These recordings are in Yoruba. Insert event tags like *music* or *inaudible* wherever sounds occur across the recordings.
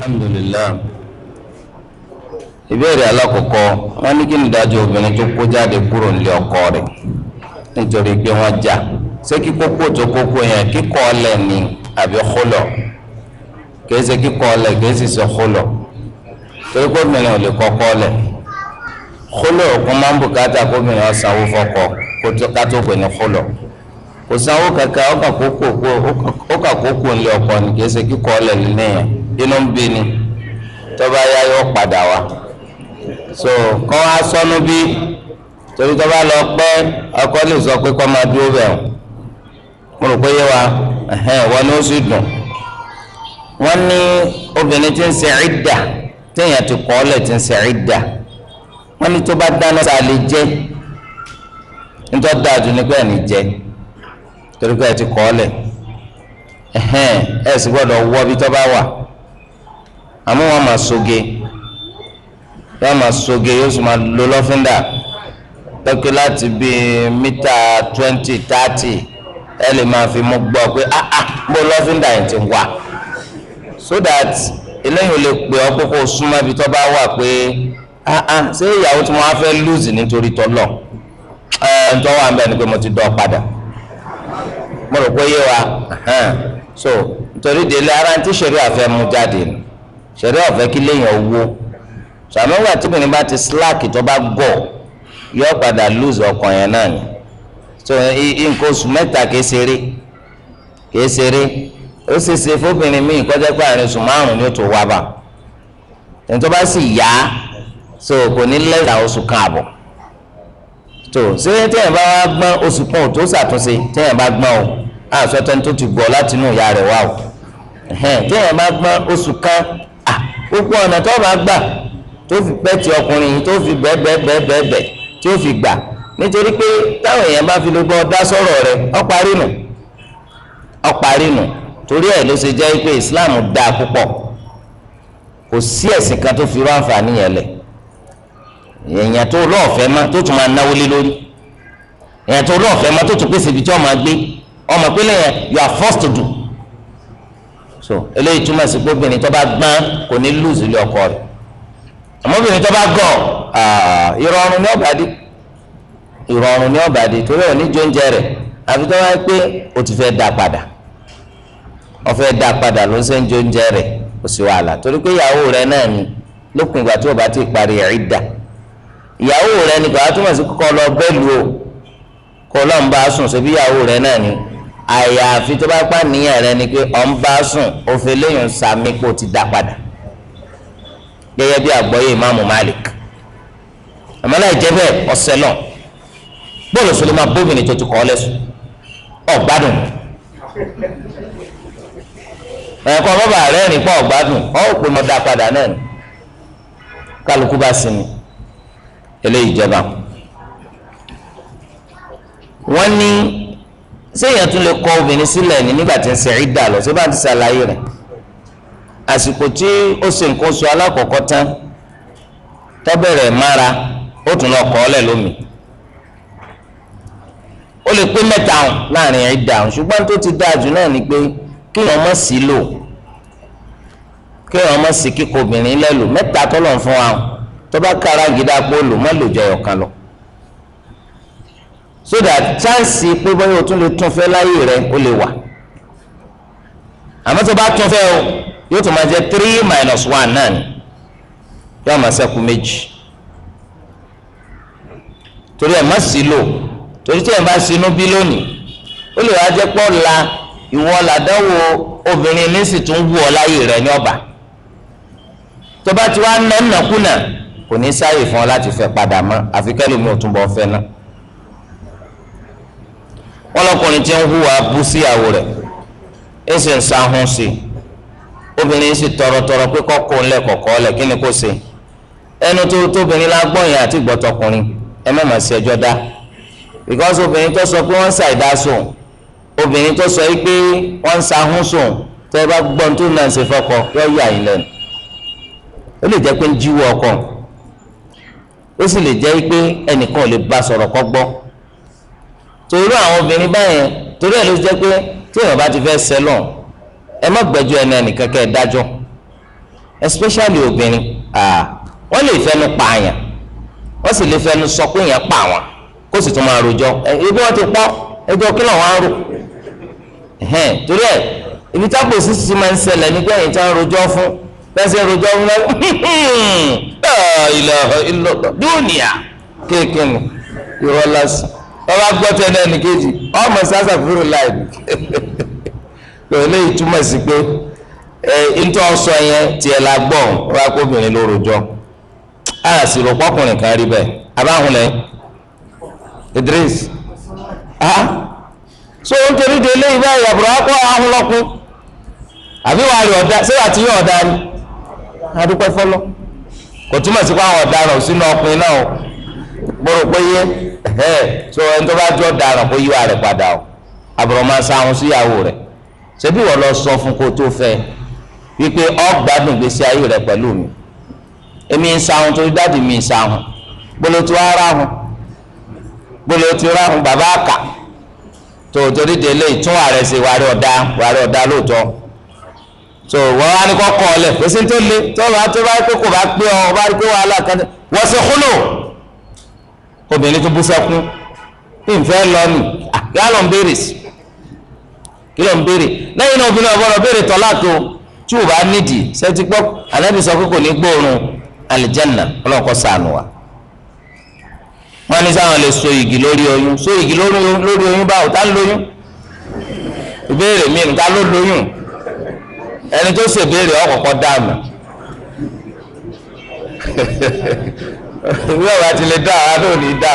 alhamdulilah ìbéèrè alákọ̀ọ́kọ́ wọ́n ní kí ni ìdájọ́ obìnrin tó kó jáde kúrò nílé ọkọ rẹ̀ nítorí pé wọ́n jà ṣé kíkókó tó kókó yẹn kíkọ́ ọlẹ̀ ni àbí kólọ̀ kìí ṣe kíkọ́ ọlẹ̀ kìí sì ṣe kólọ̀ torí kóbìnrin ò lè kọ́kọ́ ọlẹ̀ kólọ̀ òkun máa ń bùkátà kóbìnrin ọ̀sánwó fọ́kọ ká tó pè ní kólọ̀ kò sanwó kankan ó kà kókó ńlé ọkọ ni kìí ṣe kíkọ́ ọlẹ̀ nílé yẹn. inú ń bí ni tọ́ba yá yóò padà wá so kọ́ wá bi. bí torí tọ́ba lọ pẹ́ ọkọ lè sọ pé kọ́ máa dúró bẹ̀ mo rò pé yé wa wọn ni ó sì dùn wọn ní obìnrin tí ń ṣe ìdà téèyàn ti kọ́ ọ́lẹ̀ tí ń ṣe ìdà wọn ní tó bá dáná sáà lè jẹ́ nítorí dáadùn ní pé ẹ̀ ní jẹ́ torí pé ẹ ti kọ́ ọ́lẹ̀ ẹ̀ sì gbọ́dọ̀ wọ́ bí tọ́ wà. àmọ́ wọn máa soge wọn máa soge yóò sì máa lo lọ́fíńdà pẹ́kẹ́ láti bíi mítà twenty thirty ẹ lè máa fi mú gbọ́ pé ah ah bó lọ́fíńdà yẹn ti wà so that eléyìí ò lè pè ọ́ pé kó o súnmọ́ ibi tó bá wà pé ah ah ṣé ìyàwó tí mo wá fẹ́ lùzì nítorí tọ́lọ̀ ẹ ẹ ń tọ́wọ́ ni pé mo ti dọ̀ padà mo rò pé yé wa so nítorí délé ara ti ṣeré àfẹ́ mú jáde ni ṣẹ̀rẹ́ ọ̀fẹ́ kí léèyàn wó sàmúgbà tí obìnrin bá ti slack tó bá gọ̀ yóò padà lose ọkàn yẹn náà ni so nǹkan oṣù mẹ́ta kìí ṣeré kìí ṣeré ó ṣe ṣe fóbìnrin míì kọjá pé àárín oṣù márùn ni ó tó wá bá tó bá sì yá so kò ní lẹ́yìn oṣù kan àbọ̀ tó ṣé téèyàn bá wá gbọ́n oṣù kan ò tó ṣàtúnṣe téèyàn bá gbọ́n o àṣọ tẹ́ni tó ti gbọ́ látinú ìyá rẹ̀ wá o téèyàn bá gbọ́n oṣù kan gbogbo ọ̀nà tó bá gbà tó fi pẹ́ ti ọkùnrin yìí tó fi bẹ́ẹ̀ bẹ́ẹ̀ bẹ́ẹ̀ bẹ́ẹ̀ bẹ́ẹ̀ tí ó fi gbà nítorí pé táwọn èèyàn bá fi lè gbọ́ dá sọ̀rọ̀ rẹ̀ ọ̀parí nù ọ̀parí nù torí ẹ̀ ló ṣe jẹ́ pé Islam dáa púpọ̀ kò sí ẹ̀sìn kan tó fi rú àǹfààní yẹn lẹ̀ èèyàn tó lọ́ọ̀fẹ́ má tó tún máa náwó lé lórí èèyàn tó lọ́ọ̀fẹ́ má tó tún pèsè ibi tí wọ́n máa gbé ọmọ pínlẹ̀ yẹn you are forced to do so eléyìí túmọ̀ sí pé obìnrin tó bá gbọ́n kò ní lùzì lé ọkọ rẹ̀ àmọ́ obìnrin tó bá gọ̀ ah, ìrọ̀rùn ní ọ̀bàdì ìrọ̀rùn ní ọ̀bàdì torí ò ní oúnjẹ rẹ̀ àfi tó wáyé pé o ti fẹ́ dá padà o fẹ́ dá padà ló ń sẹ́ ń jó oúnjẹ rẹ̀ kò sí wàhálà torí pé ìyàwó rẹ̀ náà ni lópin ìgbà tí o bá ti parí ìdà ìyàwó rẹ̀ ni kò wá túmọ̀ sí kọ́ lọ bẹ́ẹ̀ lu o kọ́ lọ́nba sùn ṣe bí ìyàwó rẹ̀ náà ni àyàfi tó bá pa níyàn rẹ ni pé ọ̀ ń bá sùn òfin lẹ́yìn sàmì kó ti dá padà gẹ́gẹ́ bí àgbọ́yé ìmáàmù Malik àmọ́ láì jẹ́ bẹ́ẹ̀ ọ̀sẹ̀ náà bọ́ọ̀lù sọlọ́mà bómìnì tó ti kọ́ lẹ́sùn ọ̀gbádùn ẹ̀kọ́ bàbá rẹ̀ ní pọ̀ ọ̀gbádùn ọ̀ pé mo dá padà náà ni kálukú bá sinmi eléyìí jẹba wọ́n ní séèyàn tún lè kọ obìnrin sílẹ̀ ní nígbà tí ń ṣe ìdá lọ sí bá ti ṣàlàyé rẹ̀ àsìkò tí ó ṣe nǹkan oṣù alákọ̀ọ́kọ́ tán tọ́bẹ̀rẹ̀ mára ó tún lọ kọ́ ọ́lẹ̀ lómi ó lè pé mẹ́ta láàrin ìdá ṣùgbọ́n tó ti dáa jù náà ni pé kéèyàn má sí lò kéèyàn má sí kíkọ obìnrin lẹ́lò mẹ́ta tọ́lọ̀ fún wa tó bá kára gidi apó lò má lò jẹyọ̀ kan lọ so that chance pé bóyá o tún lè tún fẹ́ láyé rẹ o lè wà àmọ́ tó bá tún fẹ́ o yóò tún máa jẹ́ three minus one náà ni yóò máa ṣẹ́kù méjì torí ẹ̀ má sí lò torí tí ẹ̀ bá sinú bí lónìí ó lè wá jẹ́ pọ́ la ìwọ làdánwò obìnrin ní sì tún wù ọ́ láyé rẹ ní ọ̀bà tó bá ti wá nà nàkúnà kò ní sáyè fún ọ láti fẹ́ padà mọ́ àfikẹ́ lómi ò túnbọ̀ fẹ́ náà wọn lọkùnrin tí ń hùwà bú síyàwó rẹ̀ ẹ sì ń sahun sí i obìnrin sì tọrọtọrọ pé kọkọ ńlẹ kọkọ lẹ kí ni kò ṣe ẹnu tó tóbìnrin lágbọ̀nyìn àti gbọ̀tọkùnrin ẹ má sí ẹjọ́ dá because obìnrin tó sọ pé wọ́n ń ṣàìdá sùn obìnrin tó sọ pé wọ́n ń sahun sùn tẹ́ ẹ bá gbọ́n tó náà ṣe fọkọ yọ yà yín lẹ́nu ó lè jẹ́ pé ń jíwọ́ ọkọ ó sì lè jẹ́ pé ẹnìkan ò lè bá sọ̀rọ̀ kọ́ gbọ́ torí àwọn obìnrin báyẹn torí ẹ̀ ló jẹ́ pé tí èèyàn bá ti fẹ́ sẹ́lọ̀ ẹ má gbẹ́jọ́ ẹni ẹnìkan kẹ́ ẹ dájọ́ especially obìnrin wọ́n lè fẹnu pa àyàn wọ́n sì lè fẹnu sọ pé èèyàn pa àwọn kó sì tún máa rojọ́ ibi wọ́n ti pọ́ ẹjọ́ kí lọ́wọ́ á rò torí ẹ̀ ibi tábò sísè máa ń ṣẹlẹ̀ nígbà yẹn tá ń rojọ́ fún pẹ́sẹ́ rojọ́ fún lọ́wọ́ *laughs* ilẹ̀ ìlọ́dọ̀ dúnìá kéèké ni irọ́ bàbá gbọ́tọ̀ ẹni ẹni kejì ọmọ sasa fúru láì lọ́lẹ́ ìtumọ̀ sí pé ẹ ntọ́ sọ yẹn tiẹ̀ la gbọ́ ọba kóbìnrin sì rò pọ́kùnrin kan rí bẹ́ẹ̀ abáhùn lẹ́ Idris so nítorí délé ibà ìyàbùrọ̀ akọ ahùn lọ́kùn àbí wàá rí ọ̀dà ọ̀dà adúpẹ́ fọlọ́ kò túmọ̀ sí pé àwọn sínú ọkùnrin náà o. gbọ́dọ̀ pé yé so ẹni tó bá jọ dàrán kó yíwá rẹ̀ padà o àbúrò máa sa àwọn síyàwó rẹ̀ ṣebí wọ́n lọ sọ fún kó tó fẹ́ wípé ó gbádùn gbèsè ayé rẹ̀ pẹ̀lú mi èmi ń sahun torí dáàdì mi ń sahun gbọ́dọ̀ tó ara hun gbọ́dọ̀ tó ara hun bàbá àkà tó torí délé ìtún ààrẹ ṣe wàrí ọ̀dà wàrí ọ̀dà lóòótọ́ so wọ́n wá ní kọ́kọ́ ọ̀lẹ̀ kò sí tó le tó bá tó bá pé kò bá pé ọ bá rí pé wàhálà kan wọ́n ṣe kúlò obìnrin tó bú sẹ́kún ìfẹ́ lọ́nù yà lọ́n béèrè sí kí lọ́n béèrè lẹ́yìn náà obìnrin ọ̀bọ̀rọ̀ béèrè tọ́lá tó tí o bá nídìí sẹ́tí gbọ́ ànábì sọ pé kò ní gbóòórùn àlìjẹ́nà ọlọ́kọ̀ sànù wa. wọ́n ní sáwọn lè so igi lórí oyún so igi lórí oyún báwo ta ló lóyún ìbéèrè mi ta ló lóyún ẹni tó ṣèbéèrè ọkọ̀ọ̀kọ̀ dáàmú *laughs* ìwé ọ̀rọ̀ àti lè dá ara náà ní dá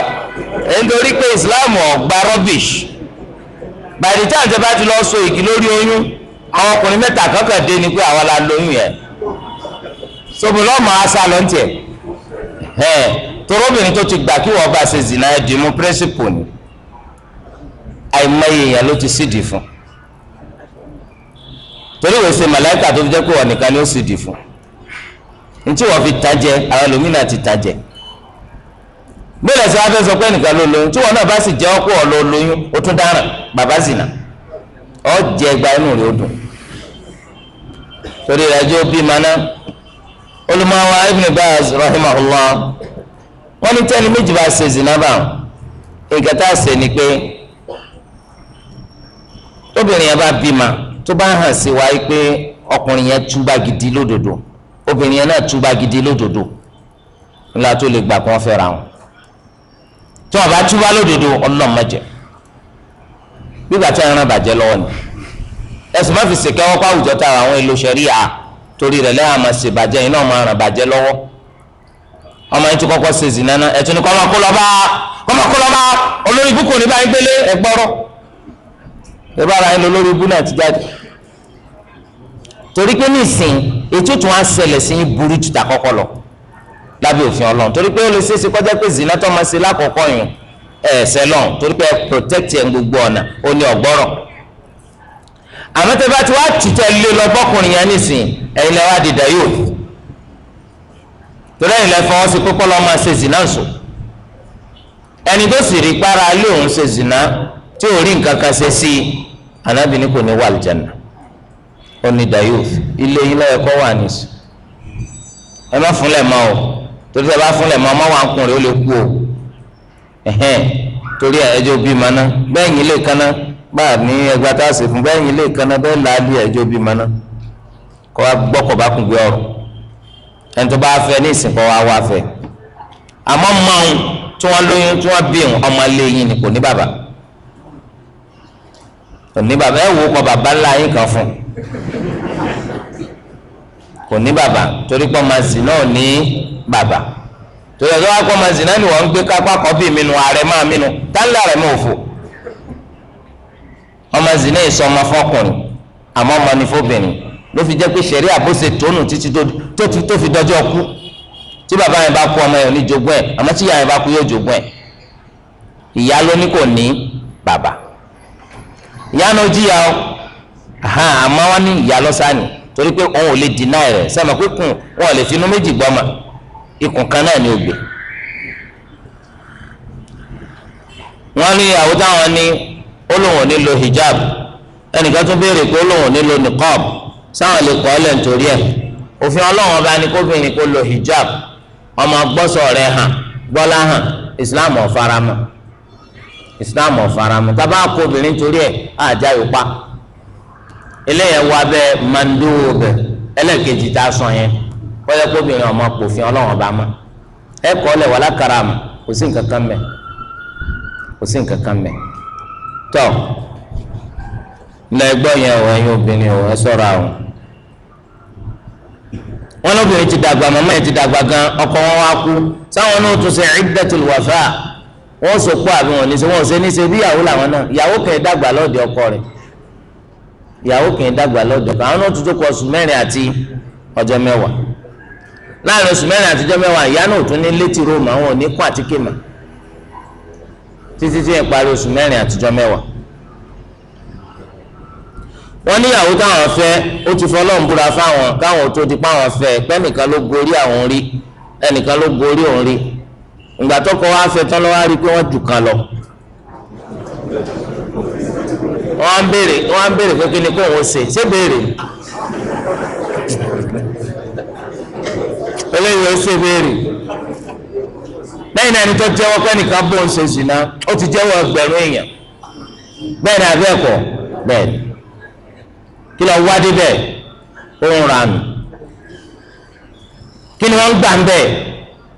nítorí pé Islam ọ̀gbà rubbish bàdí tí àǹtẹ̀ bá ti lọ so ìkì lórí oyún àwọn ọkùnrin mẹ́ta kankan dé ni pé àwọn la lóyún yẹn sobi lọ́mọ asa ló ń tiẹ̀ ẹ̀ torobìnrin tó ti gbà kí wọ́n bá ṣe zina ẹ̀ dì mú pírẹ́sìpù ni àìmọye èèyàn ló ti sídìí fún torí wòó ṣe màláìka tó fi jẹ́ pé wọ́n nìkan ni ó sídìí fún ntí wọ́n fi tajẹ àwọn ẹlòmínà ti tajẹ bẹ́ẹ̀ sọ afẹ́ sọ pé nìkan ló lóyún tí wọn náà bá sì jẹ́ ọ́ pé ọ̀ lọ lóyún ó tún dáràn bàbá zìnà ọ́ jẹ ẹgbà inú rẹ̀ ó dùn torí rẹ̀ jẹ́ òbí maná olùmọ̀wá ibn Baz rahimahullah wọ́n ní tẹ́ni méjì bá ṣe zìnà bá nǹkan ṣe ni pé obìnrin yẹn bá bímọ tó bá hàn sí wa pé ọkùnrin yẹn túbà gidi lódodo obìnrin yẹn náà túbà gidi lódodo ńlá tó lè gbà kó wọn tó o bá túbá lódodo ọlọ́run má jẹ gbígbà tí ẹran bàjẹ́ lọ́wọ́ ni ẹ̀sùn má fi ṣèkẹ́ wọ́pọ̀ àwùjọ tara àwọn èlò ṣẹ̀ríà torí rẹ̀ lẹ́yìn àmọ́ ṣe bàjẹ́ iná ọmọ aràn bàjẹ́ lọ́wọ́ ọmọ yẹn ti kọ́kọ́ ṣe zì nánà ẹ̀tún ni kọ́mọ kó lọ́ba kọ́mọ kó lọ́ba olórí ibú kò ní báyìí gbélé ẹ̀gbọ́rọ̀ ẹ̀bá ara yẹn ibú náà ti jáde torí pé ní ìsìn ètò tó wá ń ṣẹlẹ̀ sí burú jù tà kọ́kọ́ lọ lábẹ́ òfin ọlọ́run torí pé ó lè ṣeéṣe kọjá pé zina tó máa ṣe lákọ̀ọ́kọ́ yìí ẹ̀ẹ́sẹ̀ lọ́n torí pé protect ẹ̀ gbogbo ọ̀nà ó ní ọ̀gbọ́rọ̀ àmọ́ tẹ́ bá ti wá tìtẹ́ lé lọ bọ́kùnrin yẹn nísìn ẹ̀yin lẹ́ wá yóò torí ẹ̀yin lẹ́ fọwọ́ sí kókó lọ́ máa ṣe zina sùn ẹni tó sì rí para lé òun ṣe zina tí ò rí nǹkan kan ṣe sí anábìíní kò ní wà lìjànà ó ní dayóò ilé yín lọ́yẹ̀kọ́ wà nísìn ẹ má fúnlẹ̀ máa o torí ẹ bá fúnlẹ̀ mọ́ ọmọ wa ń kùn rẹ̀ ó lè kú o ẹ̀hẹ́n torí ẹjọ́ bí ma ná bẹ́ẹ̀ yín lè kaná bá a ní ẹgbẹ́ tá a sì fún bẹ́ẹ̀ yín lè kaná bẹ́ẹ̀ láàbí ẹjọ́ bí ma ná kọ́ wa gbọ́kọ̀ bá kún gbé ọ̀rọ̀ ẹni tó bá fẹ́ ní ìsìnkọ́ wa wá fẹ́ àmọ́ mọ́ọ̀n tí wọ́n lóyún tí wọ́n bí ọmọ lé yín ni kò ní bàbá kò ní bàbá ẹ wo kọ bàbá ńlá yín kan fún kò ní bàbá torí pé ọmọ sì náà ní bàbá tòlẹ tó wá kọ ma zina ni wọn gbé kápá kọfí mi nu ààrẹ máa mi nu tálẹ ààrẹ mi ò fò ọmọ zina yìí sọmọ fọkùnrin àmọ́ ọmọ ní fóbìnrin ló fi jẹ́ pé sẹrí àbóse tónù títí tó fi dọjọ́ kú tí bàbá yẹn bá kú ọmọ yẹn ò ní jogún ẹ̀ àmọ́ tí ìyá yẹn bá kú yóò jogún ẹ̀ ìyá ló kò ní bàbá ìyá náà jìyà ọ àmọ́ wọn ní ìyá lọsànán torí pé òun ò lè dínà rẹ̀ sẹmọ pé kùn wọn ò lè finú méjì gbọmọ. ikùn kan náà ni ó wọn ní àwọn táwọn ní olóhùn nílò hijab ẹnìkan tún béèrè pé olóhùn nílò niqab sáwọn lè kọ́ nítorí ẹ̀ òfin ọlọ́wọ́n bá ní lo hijab ọmọ gbọ́sọ̀ rẹ̀ hàn gbọ́lá hàn islam ọ̀faramọ́ islam ọ̀faramọ́ tábà kó obìnrin ẹ̀ àjà tá a sọ yẹn. ọ pé obìnrin ọmọ pòfin ọlọ́run ọba mọ́ ẹ kọ́ ọ lẹ̀ wà lákàrà mọ́ kò sí nǹkan kan mẹ́ kò sí nǹkan kan mẹ́ tọ́ ilẹ̀ ẹgbọ́ yẹn ọ̀ ẹ̀yin obìnrin ọ̀ ẹ sọ̀rọ̀ àwọn wọn lóbìnrin ti dàgbà màmá yẹn ti dàgbà gan ọkọ wọn wá kú sáwọn náà tún ṣe wọn àbí wọn ní wọn ní bí ìyàwó làwọn náà ìyàwó dàgbà ọkọ rẹ̀ ìyàwó dàgbà ọkọ àwọn náà tún tó láàrin oṣù mẹ́rin àtijọ́ mẹ́wàá ìyá náà tún ní létí títí tí ẹ parí oṣù mẹ́rin àtijọ́ mẹ́wàá. wọ́n níyàwó fẹ́ ti fọ́ lọ́n búra fáwọn káwọn tó ti páwọn fẹ́ pẹ́nìkan ló gorí àwọn rí ẹnìkan ló gorí òun rí ìgbà tọkọ tán lọ́wọ́ á rí i pé wọ́n jù kan lọ. wọ́n á wọ́n á pé kí ni ṣe ṣé eléyìí ó ṣèbéèrè lẹ́yìn náà jẹ́wọ́ pé nìkan bó ń ṣe zìnà ó ti jẹ́wọ́ ẹgbẹ̀rún èèyàn bẹ́ẹ̀ ni àbẹ́ ẹ̀kọ́ bẹ́ẹ̀ ni kí lọ wá débẹ̀ ó ń ra nù kí ni wọ́n ń gbà ń bẹ̀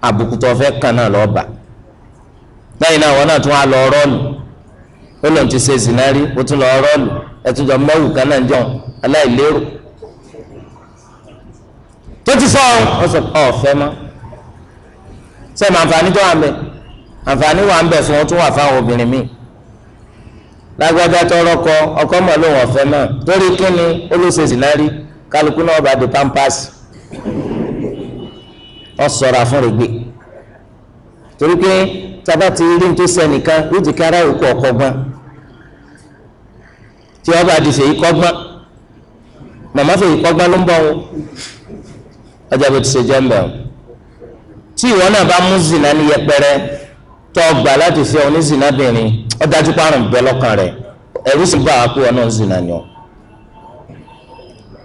àbùkù tó fẹ́ kàn náà lọ́ọ́ bà lẹ́yìn náà wọn náà tún wá lọ rọ́ọ̀lù ó lọ́n ti ṣe zìnà rí ó tún lọ rọ́ọ̀lù ẹ̀ tún mẹ́wù kan náà jọ aláìlérò tó ti sọ ọ sọ ọfẹ mọ sẹmu àǹfààní tó wà ń bẹ àǹfààní wà ń bẹ fún ọ tó wà fáwọn obìnrin míì lágbájá tọrọ kọ ọkọ mọ lóun ọfẹ náà torí kíni olóṣèṣì náà rí kálukú náà bá di pampers ọ ṣọ́ra fún rẹ gbé torí pé tábà ti rí tó sẹnìkan yóò ti kára òkú ọkọ gbọn tí ọba àdìsẹ yìí kọ gbọn màmá fẹ yìí kọ gbọn ló ń bọ wọn ọjà bó ti ṣe jẹ́ mbẹ́ o tí ìwọ náà bá mú zina ní yẹpẹrẹ tó gbà láti fi ọ ní zina bìnrin ó dájú párùn bẹ lọ́kàn rẹ ẹ̀rú sì bá àkú ọ náà zina ni ọ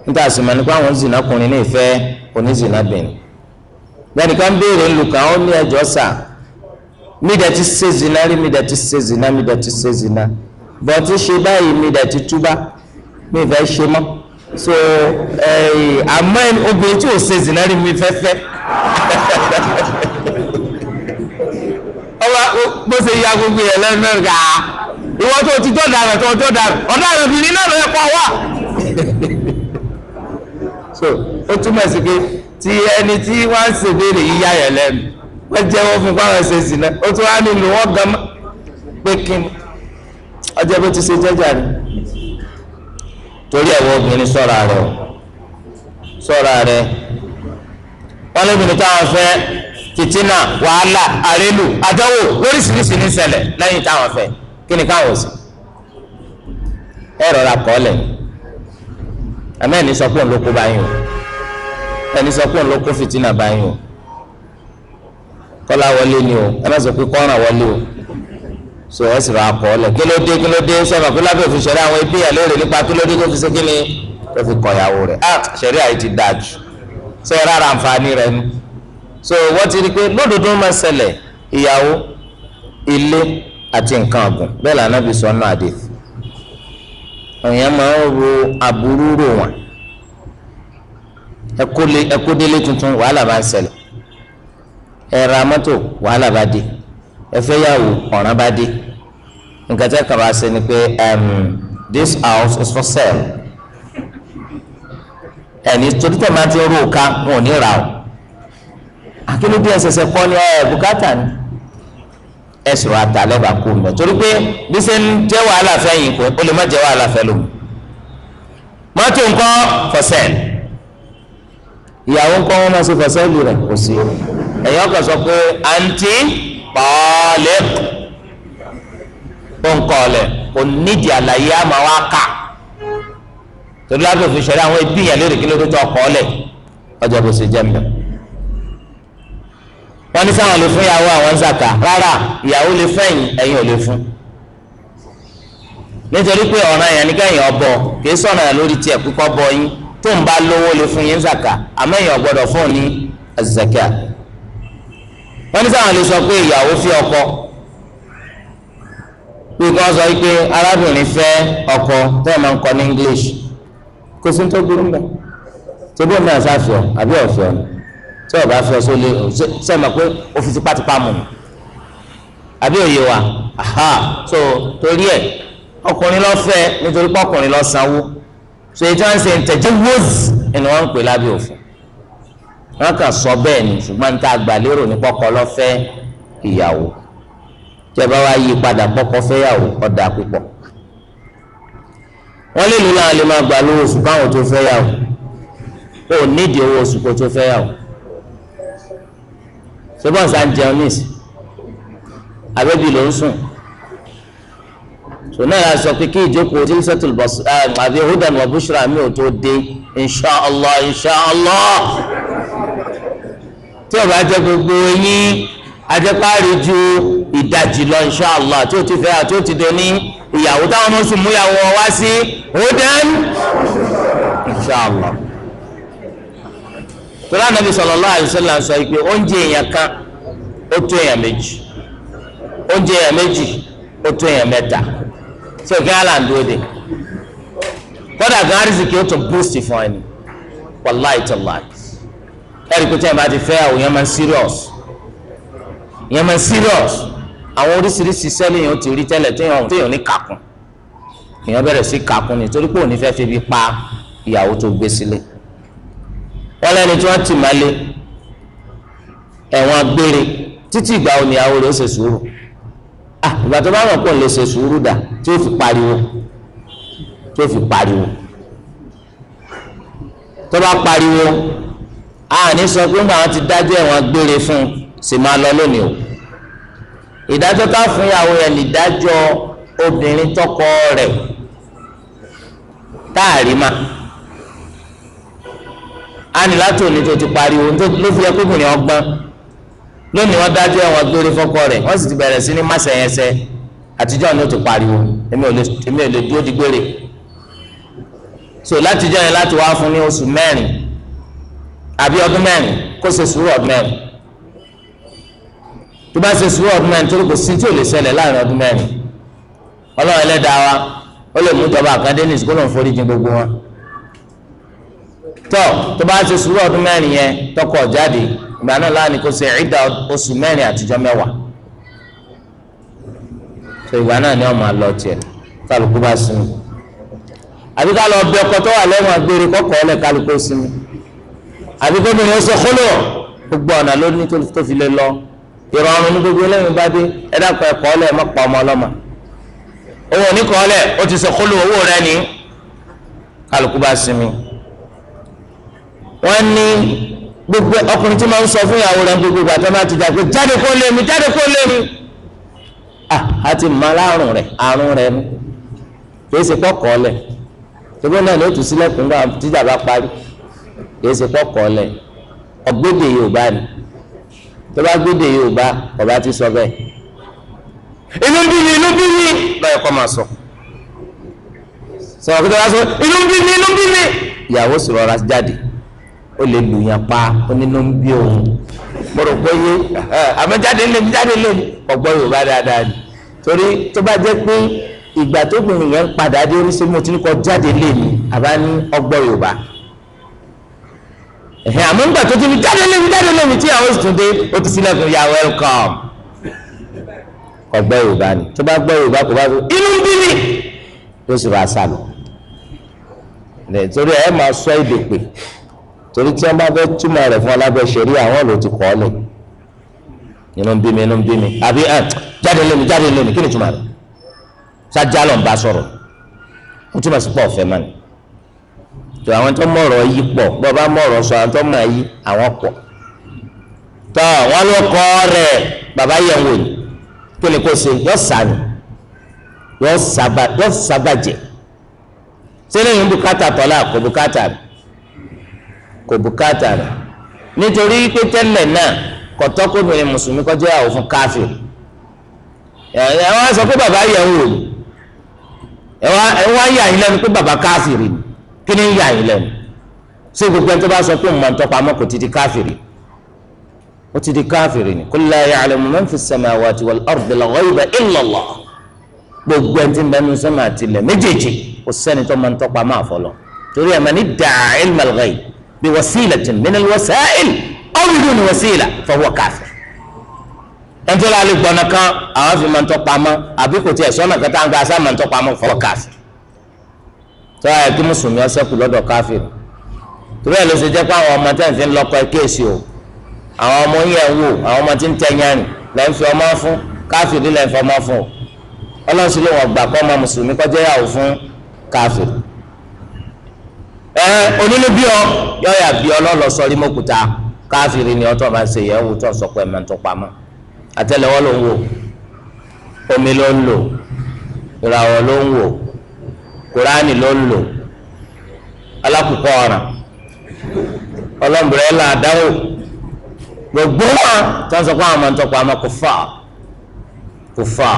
níta sì mọ̀ nípa àwọn zina kùnrin ní ìfẹ́ onízina bìnrin bẹ́ẹ̀ni ká ń béèrè ńlùkà ó ní ẹjọ́ sà mí dẹ̀ ti ṣe zina rí mí dẹ̀ ti ṣe zina mí dẹ̀ ti ṣe zina bọ́ọ̀tì ṣe báyìí mí dẹ̀ ti túbá mí ìfẹ́ ṣe mọ́. so àmọ́ obìnrin tí ò ṣe zina rí m fẹ́fẹ́ ọba bó ya gbogbo tó ti tó obìnrin náà *laughs* so ó túmọ̀ sí pé ẹni tí wọ́n yíyá yẹn lẹ́nu wọ́n fún ṣe ó tún wá wọ́n gan pé kí ọjọ́ torí ewe obìnrin sọ̀ra rẹ̀ sọ̀ra rẹ̀ wọ́n lóbìnrin táwọn fẹ́ tìtínà wàhálà àrélù àdánwò lóríṣiríṣi ní ṣẹlẹ̀ lẹ́yìn táwọn fẹ́ kí ni káwọn sọ ẹ rọra kọ́ lẹ̀ àmọ́ ẹni sọ pé òun ló kó báyìí o ẹni sọ pé òun ló kó báyìí o wọlé ni o ẹ má sọ pé wọlé o. so ẹ sì rà kọ́ ọ lẹ̀ kí ló dé kí ló dé sẹ́mi àpẹẹrẹ lábẹ́ òfin ṣẹ̀rí àwọn ẹbí ẹ̀ léèrè nípa kí ló dé tó fi ṣe kí ni tó fi kọ rẹ̀ ah ṣẹ̀rí àyè ti dáa jù so rárá àǹfààní rẹ̀ ni so wọ́n ti rí i pé lódodo máa ṣẹlẹ̀ ìyàwó ilé àti nǹkan ọ̀gùn bẹ́ẹ̀ lànà bí sọ ọ́nà àdè èèyàn máa ń ro aburú rò wọ́n ẹkú délé tuntun wàhálà bá ń ṣẹlẹ̀ ẹ ra mọ́tò wàhálà bá dé ẹ fẹ́ yàwó ọ̀ràn bá dé nǹkan tẹ́ kàn ṣe ni pé um, this house is for sale ẹni torí tẹ̀ máa ti rú òka wọn ò ní ra o akíní bí ẹsẹsẹ kọ́ ni ẹ bùkátà ni ẹ sọ̀rọ̀ àtàlẹ́bà kú mi torí pé bí ṣe ń jẹ́ wàhálà fẹ́ yìí kò ó lè má jẹ́ wàhálà fẹ́ lómi mọ́tò nǹkan for sale ìyàwó nǹkan wọn máa ṣe for sale rẹ̀ kò sí ẹ̀yọ́ kan sọ pé àǹtí pọ́ọ́lẹ́ ó ń kọ́ ọ̀lẹ̀ kò nídìí àlàyé àmọ́ wa kà torí lábẹ́ òfin ṣẹ̀rí àwọn ẹbí yẹn lórí kílódé tó ọkọ̀ ọ̀lẹ̀ ọjọ́ bó ṣe jẹ́ mbẹ́. wọ́n ní sáwọn lè fún ìyàwó àwọn zaka rárá ìyàwó lè fẹ́ ẹ̀yin ò lè fún nítorí pé ọ̀ràn yẹn ní kẹ́yìn ọbọ kìí sọ̀rọ̀ yẹn lórí tiẹ̀ kíkọ́ bọ yín tó ń bá lówó lè fún yín zaka àmọ́ ẹ̀yin ò gbọ́dọ̀ fún ní zakat wọ́n ní sáwọn lè sọ pé ìyàwó fi ọkọ bí kan sọ pé arábìnrin fẹ́ ọkọ tẹ́ ẹ̀ máa ń kọ ní English kò sí tó burú mbẹ tóbi ọmọ ẹ̀sà fìọ àbí ọ̀fìọ tí ọba fìọ sólé sẹ́mi pé o fi tipátipá mu àbí òye wa aha so torí ẹ ọkùnrin lọ fẹ́ nítorí pé ọkùnrin lọ sanwó so ètò à ń ṣe ntẹ̀jẹ́ wọ́ọ̀sì ni wọ́n ń pè lábẹ́ òfin wọn kàn sọ bẹ́ẹ̀ ni ṣùgbọ́n níta àgbàlérò ní pọkọ lọfẹ ìyàwó tẹbá wa yí padà pọkọ fẹ́yàwó ọdà púpọ̀ wọn lè lùlọ àwọn lè máa gbà lówó oṣù káwọn tó fẹ́yàwó ó nídìí owó oṣù kó tó fẹ́yàwó ṣùgbọ́n sá ń jẹun níìsì abẹ́bí ló ń sùn sọ̀nà yà sọ pé kí ìjókòó tí sẹ́tùlù bọ̀ àbí hudan wa bushra mi ò tó dé inṣàlá inṣàlá tí ó bá jẹ́ gbogbo yín ajẹ́párí ju ìdajì lọ inṣàlá tí ó ti fẹ́ àti ó ti dẹ ní ìyàwó táwọn ọmọ sùn múyàwó wá sí hóden inṣàlá. tọ́lá nàbí sallallahu alaihi wasallam sọ pé oúnjẹ èèyàn kan ó tó èèyàn méjì oúnjẹ èèyàn méjì ó tó èèyàn mẹ́ta tí òkè àlàndó de kódà gan arísìkì ó tún búùsì fún ẹni wàláì ẹ̀rí pé tí a bá ti fẹ́ àwọn yẹn máa ń serious yẹn máa ń serious àwọn oríṣiríṣi sẹ́lẹ̀ yẹn ó ti rí tẹ́lẹ̀ téèyàn téèyàn ní kàkún èèyàn bẹ̀rẹ̀ sí kàkún ni torí pé òní fẹ́ fi bí pa ìyàwó tó gbé sílé wọ́n lẹ́ni tí wọ́n ti máa lé ẹ̀wọ̀n gbére títí ìgbà wo ni ìyàwó rẹ̀ ó ṣe sùúrù ah ìgbà tó bá wọn pọ̀ lè ṣe sùúrù dà tí ó fi pariwo tí ó fi pariwo tó bá pariwo àní sọ pé ńgbà wọn ti dájọ́ ẹ̀wọ̀n gbére fún sì máa lọ lónìí o ìdájọ́ ká fún ìyàwó yẹn nìdájọ́ obìnrin tọkọ rẹ̀ táàrí ma àní látò ní tó ti pariwo ló fi ẹkú obìnrin ọgbọ́n lónìí wọn dájọ́ ẹ̀wọ̀n gbére fọkọ rẹ̀ wọ́n sì ti bẹ̀rẹ̀ sí ní màsẹ̀yẹsẹ̀ àtijọ́ ni ó ti pariwo èmi ò lè dúró di gbére so látijọ́ yẹn láti wá fún ní oṣù mẹ́rin àbí ọdún mẹ́rin kó ṣe sùúrù ọdún mẹ́rin tó bá ṣe sùúrù ọdún mẹ́rin torí kò sí tí ò lè ṣẹlẹ̀ láàrin ọdún mẹ́rin ọlọ́run ẹlẹ́dàá wa ó lè mú ìjọba gbogbo wọn tó bá ṣe sùúrù ọdún mẹ́rin yẹn tọkọ jáde ìgbà náà láàrin kó ṣe ìdá oṣù mẹ́rin àtijọ́ mẹ́wàá ìgbà náà ni àbí gómìnà ọsẹ kọlọ gbogbo ọ̀nà ló ní tó fi lè lọ ìrọ̀rùn ní gbogbo eléyìí bá dé ẹ dákun ẹ kọ́ọ́lẹ̀ ẹ má pa ọmọ ọlọ́mọ owó oníkọ́ọ́lẹ̀ ó ti sọ kọlọ owó rẹ ní kálukú bá sinmi wọ́n ní gbogbo ọkùnrin tí máa ń sọ fún ìyàwó rẹ gbogbo àti ọmọ àti ìjàgbé jáde kó lé mi jáde kó lé mi àti màlárùn rẹ àrùn rẹ mi kì í ṣe kọ́kọ́ọ́lẹ̀ ṣùgbọ́n náà ni ó tù sílẹ̀kùn náà tíjà bá parí kìí ṣe kọ́kọ́ lẹ̀ ọgbẹ́dẹ yorùbá ni tó bá gbẹ́dẹ yorùbá ọba ti sọ bẹ́ẹ̀ inú bí mi inú bí mi lọ́yẹ̀ kọ́ máa sọ sọ̀rọ̀ kí tó bá sọ inú bí mi inú bí mi ìyàwó sọ̀rọ̀ ra jáde ó lè lù yàn pa ó nínú ń bí òun mo rò pé yé àmọ́jáde lè jáde lè mi yorùbá dáadáa ni torí tó bá pé ìgbà tó gbìyànjú padà dé orí sí mo ti ní kọ jáde lè mi àbá ní ọgbọ́n yorùbá ẹ̀hìn àmọ́ nígbà tó ti fi jáde lẹ́mi jáde lẹ́mi tí àwọn oṣù dé ó ti sílẹ̀ fún yà welcome ọgbẹ́ yorùbá ni tó bá gbọ́ yorùbá kò bá fi inú ń bí mi ló sì máa sàlù nítorí ẹ máa sọ èdè pè torí tí wọn bá fẹ́ túmọ̀ rẹ̀ fún alábẹ́ ṣẹ̀rí àwọn ọ̀lọ́ ti kọ́ ọ lẹ̀ inú ń bí mi inú ń bí mi àbí jáde lẹ́mi jáde lẹ́mi kí ni túmọ̀ rẹ̀ sájà lọ́nba sọ̀rọ̀ ó túmọ̀ sí pọ̀ ọ̀fẹ́ mọ́ni tó àwọn tó mọ̀rọ̀ yí pọ̀ bọ́ bá mọ̀rọ̀ sọ àwọn tó mọ̀ yí àwọn pọ̀ tọ́ wọn ló kọ́ rẹ̀ bàbá yẹn wò ní kí ni kò ṣe yọ sànù yọ sàbàjẹ́ sílẹ̀ yìí bùkátà tọ́lá kò bùkátà kò bùkátà rẹ̀ nítorí pé tẹ́lẹ̀ náà kọ̀tọ́kùnrin mùsùlùmí kọjá ìyàwó fún káfíìrì ẹ̀ wọ́n sọ pé bàbá yẹn wò ní ẹ̀ wọ́n yà yín lẹ́nu pé bàbá káfíìrì ni kí ni ń yà yín lẹ́nu ṣé gbogbo ẹni tó bá sọ pé òun máa ń tọpa mọ́ kò ti di káfìrí ó ti di káfìrí ni kul la ya'lamu man fi samawati wal ardi al-ghayba illa Allah gbogbo ẹni tí ń bẹnu sẹ́mà tilẹ̀ méjèèjì kò sẹ́ni tó máa ń tọpa mọ́ àfọlọ́ torí ẹ̀ máa ní dàá ilmal ghaib bi wasilatin min al-wasa'il aw bidun wasila tó yà kí mùsùlùmí ọsẹkù lọ́dọ̀ káfíìn torí ẹ ló ṣe jẹ́ pé àwọn ọmọ tẹ́ ń fi lọ́kọ ẹ kéèsì o àwọn ọmọ yẹn wò àwọn ọmọ tí ń tẹ̀yánì lẹ́ ń fi ọmọ fún káfíìn lẹ́ ń fi ọmọ fún o ọlọ́sí ló wọ̀n gbà pé ọmọ mùsùlùmí kọjá yàwó fún káfíìn. ẹ onínú bí ọ yọ yà bí ọ lọ́lọ́ sọrí mọ́kúta káfíìn ni ọtọ́ máa ṣe yẹn wò tó sọ pé ẹ̀mẹ́ tó pamọ́ àtẹ́lẹwọ́ ló ń kuraani ló ń lò alákòókò ọ̀ràn ọlọ́mbrẹ́là àdáwò gbogbo wọn tó ń sọ pé àwọn máa ń tọpa àmọ́ kò fà kò fà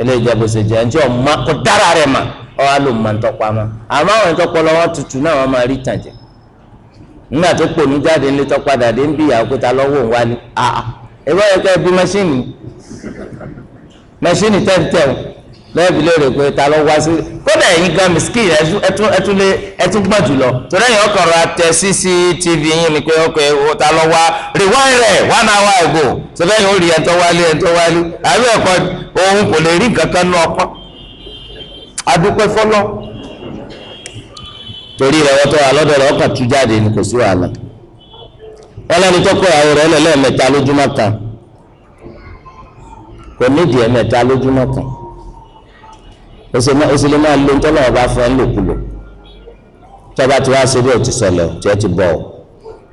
eléyìí jẹ́ bó ṣe jẹ́ ẹni tí ọ̀ma kò dára rẹ̀ mà ọ̀hà ló máa ń tọpa àmọ́ àmọ́ àwọn ìtọ́pọ̀ lọ́wọ́ tutù náà wọ́n máa rí tàn jẹ nígbà tó pò ní jáde ńlẹ tó padà ń bí ìyàwó pé ta lọ́wọ́ òun wá ní àà ẹ̀rọ ẹ̀ka ẹbí mẹ́ṣíìnì mẹ́ṣíìnì tẹ́ntẹ́ o. lẹ́ẹ̀bí lè rè pé ta ló wá sí kódà ẹ̀yin gan miskin ẹtún ẹtún jùlọ tẹ cctv yín ni ọkọ̀ ẹ̀wọ̀ ta ló wá rewind rẹ̀ one hour ago sọfẹ́ yìí ó rí ẹ̀tọ́ wálé ẹ̀tọ́ wálé àbí ẹ̀kọ́ òun kò lè rí adúpẹ́ fọlọ́ torí rẹ̀ wọ́n tọ́ àlọ́dọ̀ rẹ̀ ọkàn tú jáde ni kò sí wàhálà ẹsẹ náà ẹsẹ lè máa lo ntọ́lọ́ ọba fún ẹ lòkulò tọ́ba tí wàá ṣe bí ọtí sọlẹ̀ tí ẹ ti bọ̀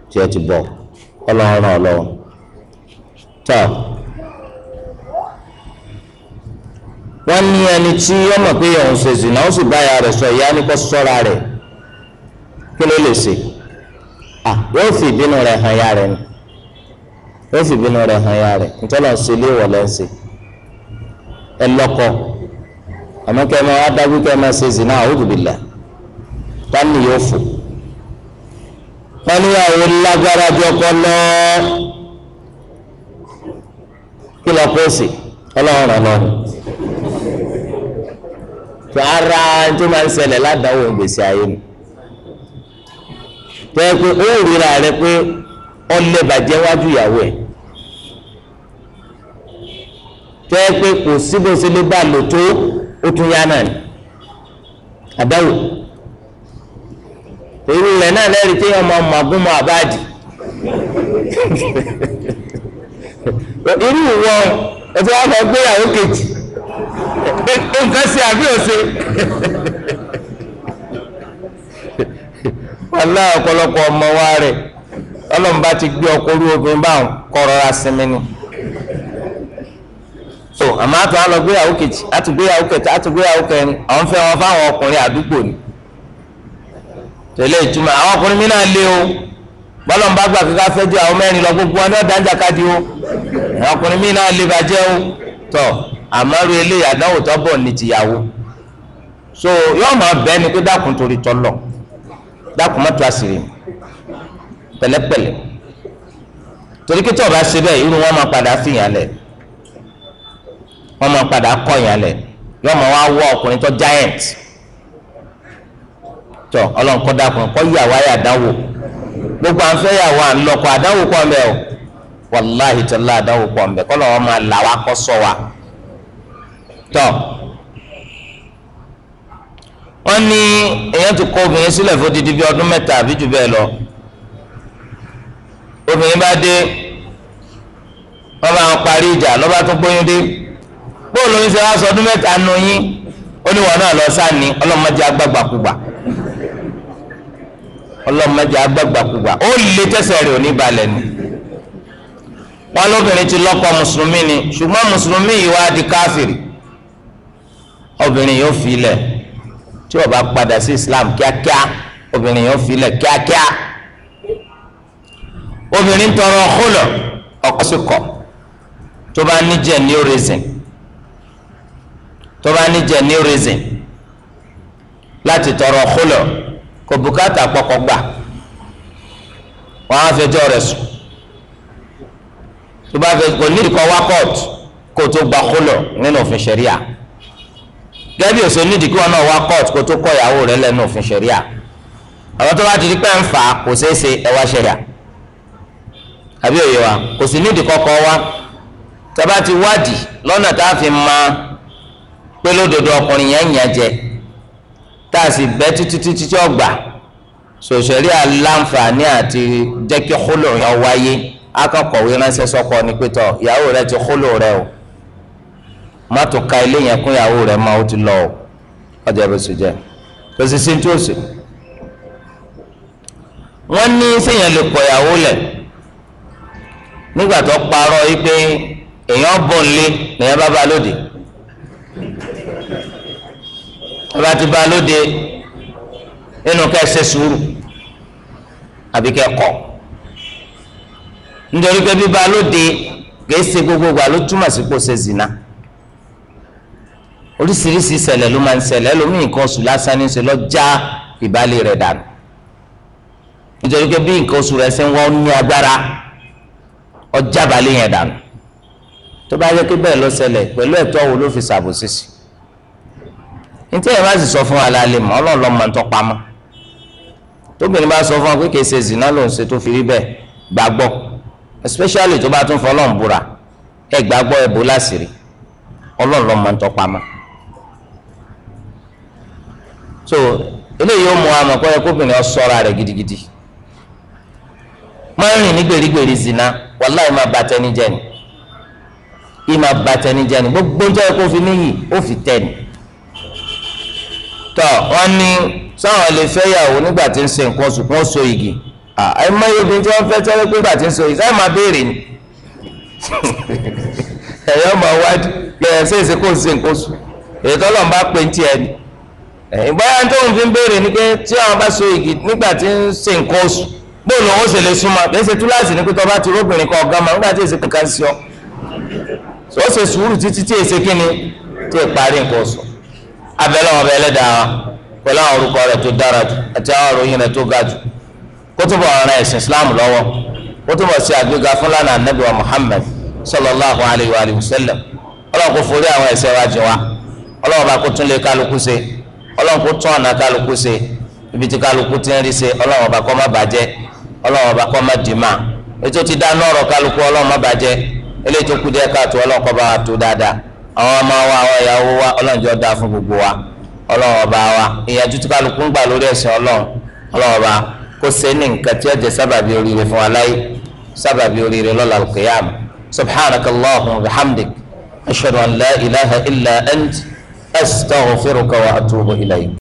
tí ẹ ti bọ̀ ọlọ́run ọlọ́run tọ́ wọ́n ní ẹni tí ọmọ pé òun ṣe zìnà ó sì bá ìyá rẹ̀ sọ ìyá ní kó sọ́ra kí ló lè ṣe à yóò fi ìbínú rẹ̀ hàn ìyá rẹ̀ ni yóò fi ìbínú rẹ̀ hàn ìyá rẹ̀ ntọ́lọ́ ṣe ilé ìwọ̀lẹ́ ṣe ẹ lọ́kọ̀ọ́ àmọ́ kẹ́ ẹ máa wá dájú kẹ́ ẹ máa ṣe zina a'udhu billah tani yóò fò pẹ́níyàwó lágbára ju ọkọ lọ kí lọ kó sí ọlọ́run rẹ̀ lọ tó ara tó máa ń ṣẹlẹ̀ ládàáwò gbèsè ayé mi tó yẹ pé ó ríra rẹ pé ọlẹ́ bàjẹ́ wájú ìyàwó ẹ̀ tó yẹ pé kò síbòsílẹ̀ bá lò tó. ó tún yá náà ni àdáwò èrú rẹ̀ náà lẹ́rìí tí ọmọ màgún mọ àbáàdì irú ìwọ ẹtí wọn lọ gbéyàwó kejì nǹkan ṣe àbí òṣè wàlá ọ̀pọ̀lọpọ̀ ọmọ wa rẹ̀ ọlọ́mùbá ti gbé ọkọ̀ orí obìnrin báwọn kọ́ rọra sinmi ni. so àmọ́ àtọ alọgbéyàwó kejì àtúgbéyàwó kẹta àtúgbéyàwó kẹrin àwọn fẹ́ wọn fáwọn ọkùnrin àdúgbò ni tẹ́lẹ̀ ìtumọ̀ àwọn ọkùnrin mi náà lé o bọlọ ń bá gbà kíkà fẹ́ ju àwọn mẹ́rin lọ gbogbo wọn ní ọdà ń o àwọn ọkùnrin mi náà lè bàjẹ́ o tó bọ̀ ní tìyàwó so yóò máa ni pé dákun dákun mọ́tò pẹ̀lẹ́pẹ̀lẹ́ torí kí tọ́ọ̀ bá ṣe bẹ́ẹ̀ wọ́n máa padà kọ̀yàn lẹ̀ yọ máa wá wọ giant tọ ọlọ́run kọ́ dákun kọ́ yàwó ayé àdánwò gbogbo à yàwó à ń pọ ọmọ kọ́ o wàláhì tọ́lá àdánwò wa tọ. wọ́n ní èèyàn ti obìnrin bíi ọdún àbí jù lọ obìnrin bá dé bá bóòlù lóyún ṣe wá sọ ọdún mẹ́ta nù yín ó ní wọn náà lọ sáni ọlọ́mọdé agbágbàkúgbà ọlọ́mọdé agbágbàkúgbà ó lè tẹ́sẹ̀ rẹ̀ ò ní balẹ̀ ni wọn lóbìnrin ti lọ́kọ mùsùlùmí ni ṣùgbọ́n mùsùlùmí yìí wá di káfìrì obìnrin yóò fi ilẹ̀ tí ó bá padà sí Islam kíákíá obìnrin yóò fi ilẹ̀ kíákíá obìnrin tọrọ ọkọ ọkọ sí kọ tó bá níjẹ ní orísìn tó bá ní jẹ new reason láti tọrọ khulu kò bùkátà pọkọ gbà wọn á fẹjọ́ rẹ̀ sùn tó bá fẹ́ kò ní ìdíkọ wá kóòtù kó tó gba khulu nínú òfin ṣẹríà gẹbi òsè nídìí kí wọn náà wá kóòtù kó tó kọ ìyàwó rẹ̀ lẹ́nu òfin ṣẹríà àwọn tó bá ti di pẹ́ ń fà kò ṣeé ṣe ẹ wá àbí òye wa kò sí nídìí kọ́kọ́ wá tá ti wádìí lọ́nà tá a fi máa pé lódodo ọkùnrin yẹn ń yàn jẹ tá a sì bẹ́ títí títí tí ó gbà sòṣèlú aláǹfààní àti jẹ́ kí kóló yẹn wáyé akọ̀kọ̀wé ránṣẹ́ sọ́kọ ní pétọ́ ìyàwó rẹ ti kóló rẹ o mọ́tò ka ilé yẹn kún ìyàwó rẹ máa ó ti lọ o ọjà bó ṣe jẹ kò sì sí tí sì. wọ́n ní sèèyàn lè kọ̀ ìyàwó lẹ̀ nígbà tó parọ́ yìí pé èèyàn bọ̀ ń lé bá bá lóde ọba ti ba lóde nínú ká ẹsẹ sùúrù àbí ká ẹkọ nítorí pé bíba lóde kìí ṣe gbogbogbò àló túmọ̀ sí kó ṣe zina oríṣiríṣi ìṣẹ̀lẹ̀ ló máa ń ṣẹlẹ̀ lómi nǹkan oṣù lásán ní ṣe lọ́jà ìbálẹ̀ rẹ̀ dànù nítorí pé bí nǹkan oṣù rẹ̀ ṣe ń wọ́n ní agbára ọjà ìbálẹ̀ yẹn dànù tó bá yẹ kí bẹ́ẹ̀ ló ṣẹlẹ̀ pẹ̀lú ẹ̀tọ́ wo ló fi ṣàbòsí sí i ntí ẹ bá sì sọ fún wa la lè mọ Ọlọ́run ló mọ̀ ń tọpa mọ tóbìnrin bá sọ fún wa pé kì ṣe zina ló ń ṣe tó fi rí bẹ́ẹ̀ gbàgbọ́ especially tó bá tún fọ Ọlọ́run búra ẹ gbàgbọ́ ẹ bò láṣìírí Ọlọ́run ló mọ̀ ń tọpa so eléyìí ó mú wa mọ̀ pé ẹ kóbìnrin ọ ṣọ́ra rẹ̀ gidigidi máa ń rìn ní gbèrígbèrí zina wàláì máa bà tẹni jẹ́ ni ìmà bà tẹni jẹ́ ni gbogbo ń jẹ́ kó fi níyì ó fi tẹ̀ ni. tọ́ wọ́n ní sáwọn lè fẹ́ yàwó nígbà tí ń igi ẹ obìnrin tí pé nígbà tí ń máa béèrè ni ẹ̀yọ́ máa wádìí pé ẹ ṣe kó ṣe nǹkan oṣù èyí tọ́lọ̀ bá pe ń tiẹ̀ ni ìbáyà tó ń fi ń béèrè ni pé tí àwọn bá so igi nígbà tí ń ọ ó ṣe sùúrù títí tí èsì abẹ́lẹ́ wọn bẹ́ẹ̀ lẹ́dàá wa pẹ̀lú àwọn orúkọ rẹ̀ tó dára jù àti àwọn òròyìn rẹ̀ tó ga jù kó túbọ̀ ẹ̀sìn Islam lọ́wọ́ kó túbọ̀ ṣe àgbéga fún lánàá Ànábì wa sallallahu alayhi wa sallam ọlọ́run kò forí àwọn wa ọlọ́run bá kó tún lé kálukú ibi tí kálukú ti ń rí ọlọ́run bá má bàjẹ́ ọlọ́run bá má dì àwọn ọmọ wa àwọn ìyàwó wa ọlọ́run jọ dáa fún gbogbo wa ọlọ́run ọba wa ìyàjú tí kálukú ń gbà lórí ẹ̀sìn ọlọ́run ọlọ́run ọba kó ṣe ní nǹkan tí ó jẹ́ sábàbí oríire fún wa láyé sábàbí oríire lọ́la al-qiyam subhanakallahumma wa an la ilaha illa ant astaghfiruka wa atubu ilayk.